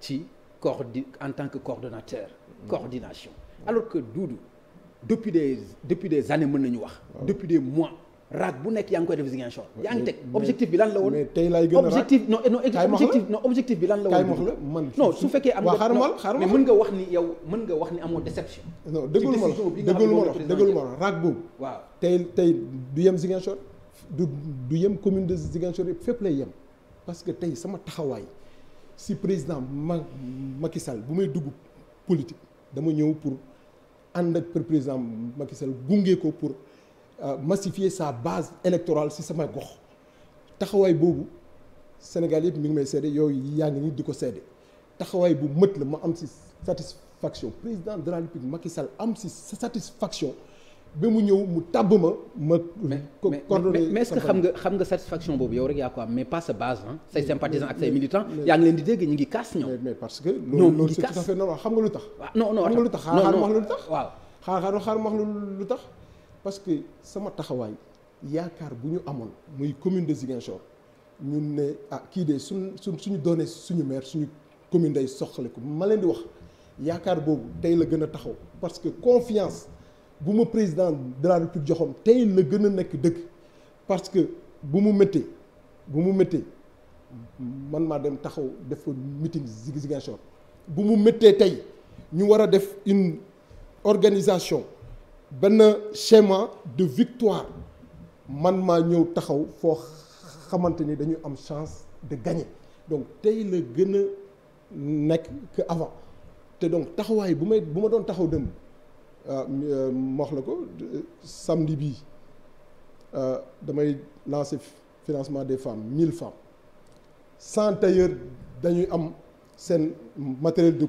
ci coordi en tant que coordonnateur mm. coordination alors que Doudou depuis des depuis des années mën nañu wax depuis des mois raag bu nekk yaa ngi koy def Ziguinchor yaa ngi teg objectif bi lan la woon mais tey laay gën a objectif bi lan la woon man non fekkee am nga mais mën nga ni yow mën nga wax ni amoo déception non dëggul ma la dëggul ma la dëggul ma la raag boobu waaw tey tey du yem Ziguinchor du du yem commune de Ziguinchor yëpp fépp lay yem parce que tey sama taxawaay si président ma Macky Sall bu may dugg politique dama ñëw pour ànd ak président Macky Sall gunge ko pour euh, massifier sa base électorale si sama gox taxawaay boobu Sénégal yëpp mi ngi may seede yooyu yaa ngi nii di ko seede taxawaay bu mët la ma am si satisfaction président de la République Macky Sall am si satisfaction. ba mu ñëw mu tàbb ma ma. coordonné mais mais est xam nga xam nga satisfaction boobu yow rek yaa ko am mais pas sa base ah. say sympathisants ak say militants yaa ngi leen di dégg ñu ngi kaas ñoom. mais parce que. ñoom ñu ngi kaas loolu c'est tout à fait normal xam nga lu tax. waaw non non lu tax wax lu lu tax. parce que sama taxawaañ yaakaar bu ñu amoon muy commune de Ziguinchor ñun ne ah kii de suñ su suñu doonee suñu maire suñu commune day soxla ko ma leen di wax yaakaar boobu tey la gën a taxaw parce que confiance bu ma président de la république joxoon tey la gën a nekk dëgg parce que bu mu méttee bu mu méttee man maa dem taxaw def ko meeting Ziguinchor bu mu méttee tey ñu war a def une organisation benn schéma de victoire man maa ñëw taxaw foo xamante ni dañu am chance de gagner donc tey la gën a nekk que avant te donc taxawaay bu may bu ma doon taxaw dem Euh, euh, moox la ko samedi bii euh, damay lancer financement des femmes mille femmes cent tailleurs dañuy am seen matériel de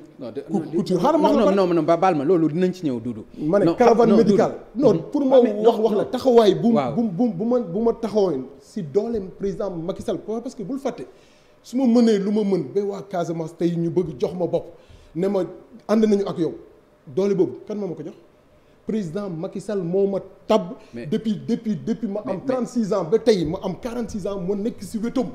couture xaaral ma non non non baal ma loolu dinañ ci ñëw Doudou ma ne caravane médicale noonu mm-hmm. pour ma wax wax la taxawaay bu bu bu ma bu ma taxawaay si dooleem président Macky Sall parce que bul fàtte su ma mënee lu ma mën ba waa Casamance tey ñu bëgg jox ma bopp ne ma ànd nañu ak yow doole boobu kan moo ma ko jox président Macky Sall moo ma tabb. depuis depuis depuis ma am. 36 ans ba tey ma am 46 ans ma nekk si wetam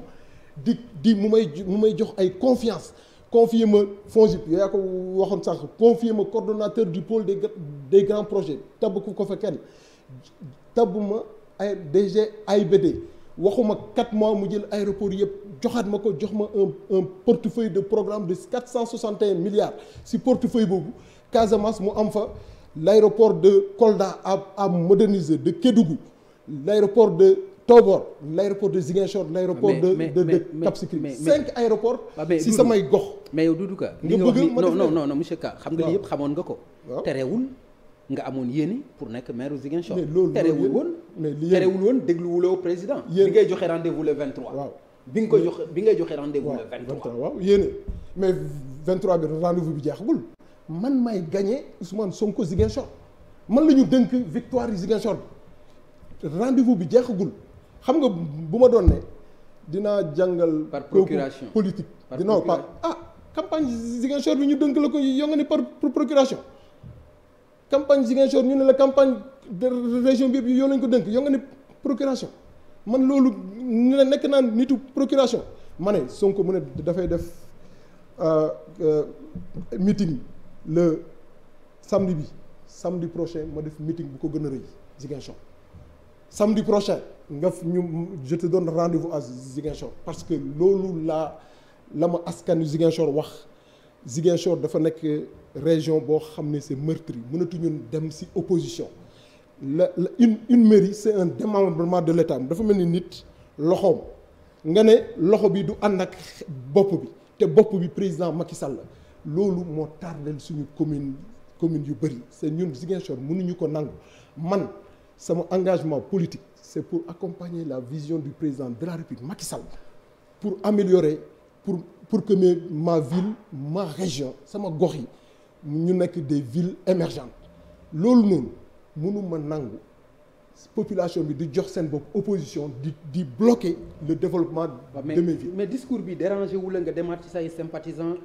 di di mu may mu may jox ay confiance confier ma FONGIP yaa ko waxoon sànq confier ma coordonnateur du pôle des des grands projets tabb ku ko fa kenn tabb ma ay DG AIBD waxuma 4 mois mu jël aéroport yëpp joxaat ma ko jox ma un un portefeuille de programme de 461 milliards si portefeuille boobu. Casamance mu am fa l'aéroport de Kolda à à moderniser de Kédougou l'aéroport de Tobor l'aéroport de Ziguinchor l'aéroport de de de Cap Skirring cinq aéroports ah, si samay gox mais yow Doudou Ka li nga wax ni non non non monsieur Ka xam nga li yëpp xamoon nga ko terewul nga amoon yéene pour nekk maire Ziguinchor terewul woon terewul woon dégluwuloo président li ngay joxe rendez-vous le 23 waaw bi nga ko joxe bi ngay joxe rendez-vous le 23 waaw yéene mais 23 bi rendez-vous bi jeexagul man may gagné Ousmane Sonko Ziguinchor man la ñu dënk victoire yi Ziguinchor bi rendez-vous bi jeexagul xam nga bu ma doon ne dinaa jàngal. par procuration politique. par non par ah campagne Ziguinchor bi ñu dënk la ko yoo nga ne par procuration. campagne Ziguinchor ñu ne la campagne de région bi yoo lañ ko dënk yoo nga ne procuration man loolu ñu ne nekk naan nitu procuration ma ne Sonko mu ne dafay def euh, euh, meeting. le samedi bi samedi prochain ma def meeting bu ko gën a rëy Ziguinchor samedi prochain nga ñu je te donne rendez-vous à parce que loolu laa la ma askanu Ziguinchor wax Ziguinchor dafa nekk région boo xam ne c'est meurtri mënatuñu dem ci opposition la la une une mairie c'est un démembrement de l'État dafa mel ni nit loxoom nga ne loxo bi du ànd ak bopp bi te bopp bi président Macky Sall la loolu moo tardel suñu commune commune yu bëri c'est ñun Ziguinchor mënuñu ko nangu man sama engagement politique c'est pour accompagner la vision du président de la République Macky pour améliorer pour pour que ma ville ma région sama gox yi ñu nekk des villes émergentes loolu noonu mënuma nangu population bi di jox seen bopp opposition di di bloquer le développement de mes villes mais discours bi dérangé wu la nga demaat ci say sympathisants